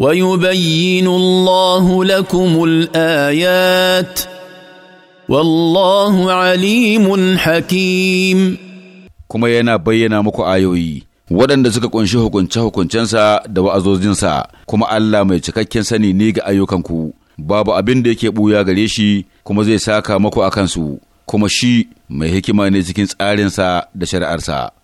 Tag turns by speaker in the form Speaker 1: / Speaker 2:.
Speaker 1: ويبين الله لكم الايات
Speaker 2: والله عليم hakim. kuma yana bayyana muku ayoyi waɗanda suka ƙunshi hukunce-hukuncensa da wa'azozinsa kuma Allah mai cikakken sani ne ga ayyukanku babu abin da yake ɓuya gare shi kuma zai saka muku a kansu kuma shi mai hikima ne cikin tsarinsa da shari'arsa.